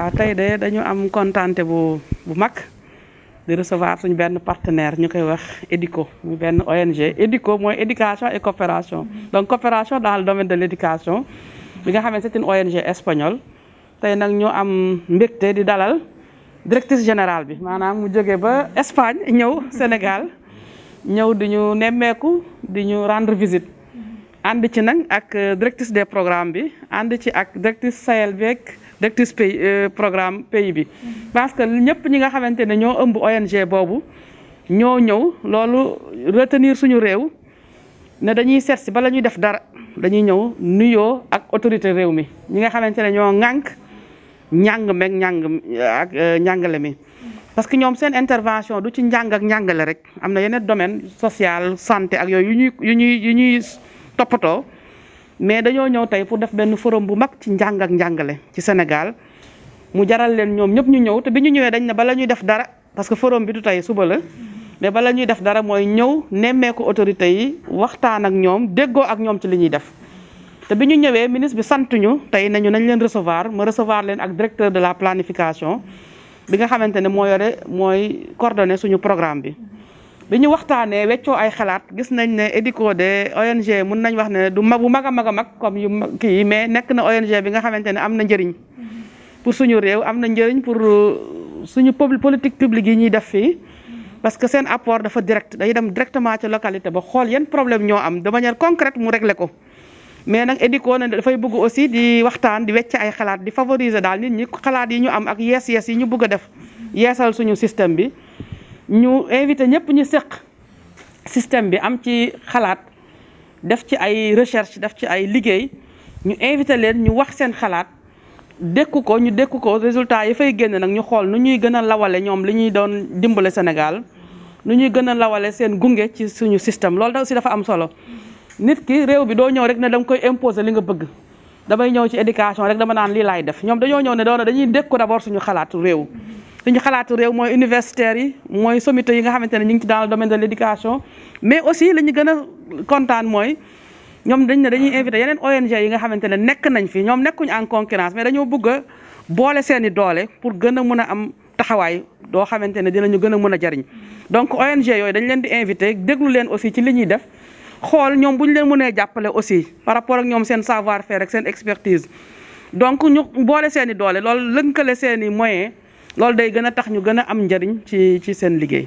waaw tey de dañu am kontante bu bu mag di recevoir suñu benn partenaire ñu koy wax EDICO mu benn ONG EDICO mooy éducation et coopération donc coopération dans le domaine de l' éducation bi nga xam ne ONG espagnole tey nag ñu am mbégte di dalal directrice générale bi maanaam mu jóge ba Espagne ñëw Sénégal ñëw di ñu nemmeeku di ñu rendre visite ànd ci nag ak directrice des programme bi ànd ci ak directrice Sahel beeg directrice pays euh, programme pays bi. parce que ñëpp ñi nga xamante ne ñoo ëmb ONG boobu ñoo ñëw loolu retenir suñu réew ne dañuy seet si bala ñuy def dara dañuy ñëw nuyoo ak autorité réew mi ñi nga xamante ne ñoo ŋànk njàng meeg njàng ak euh, njàngale mi. parce que ñoom seen intervention du ci njàng ak njàngale rek am na yeneen domaine social santé ak yooyu yu ñuy yu toppatoo. mais dañoo ñëw tey pour def benn forum bu mag ci njàng ak njàngale ci Sénégal mu jaral leen ñoom ñëpp ñu ñëw te bi ñu ñëwee dañ ne bala ñuy def dara parce que forum bi du tey suba la mais bala ñuy def dara mooy ñëw nemmeeku autorités yi waxtaan ak ñoom déggoo ak ñoom ci li ñuy def. te bi ñu ñëwee ministre bi sant ñu tey nañu nañ leen recevoir ma recevoir leen ak directeur de la planification bi nga xamante ne moo yore mooy coordonné suñu programme bi. bi ñu waxtaanee weccoo ay xalaat gis nañ ne EDICO de ONG mun nañ wax ne du mag bu mag a mag a mag comme yu kii yi mais nekk na ONG bi nga xamante ne am na njariñ pour suñu réew am na njëriñ pour euh, suñu politique publique yi ñuy def fii parce que seen apport dafa direct day dem directement ci localité ba xool yan problème ñoo am de manière concrète mu régler ko mais nag EDICO ne dafay bëgg aussi di waxtaan di wecc ay xalaat di favoriser daal nit ñi xalaat yi ñu am ak yees yees yi ñu bëgg a def yeesal suñu système bi ñu invité ñëpp ñu seq système bi am ci xalaat def ci ay recherche def ci ay liggéey ñu invité leen ñu wax seen xalaat dékku ko ñu dékku ko résultat yi fay génn nag ñu xool nu ñuy gën a lawale ñoom li ñuy doon dimbale Sénégal nu ñuy gën a lawale seen gunge ci suñu système loolu da si dafa am solo nit ki réew bi doo ñëw rek ne danga koy imposer li nga bëgg damay ñëw ci éducation rek dama naan lii laay def ñoom dañoo ñëw ne doona dañuy dékku d'abord suñu xalaatu réew suñu xalaatu réew mooy universitaire yi mooy sommité yi nga xamante ne ñu ngi ci dans le domaine de l' éducation mais aussi li ñu gën a kontaan mooy ñoom dañ ne dañuy invité yeneen ONG yi nga xamante ne nekk nañ fi ñoom nekkuñu en concurrence mais dañoo bëgg a boole seen i doole pour gën a mën a am taxawaay doo xamante ne dinañu gën a mën a jariñ donc ONG yooyu dañ leen di invité déglu leen aussi ci li ñuy def xool ñoom buñ leen mënee jàppale aussi par rapport ak ñoom seen savoir faire ak seen expertise donc ñu boole seen i doole loolu lënkale seen i moyens loolu day gën a tax ñu gën a am njariñ ci ci seen liggéey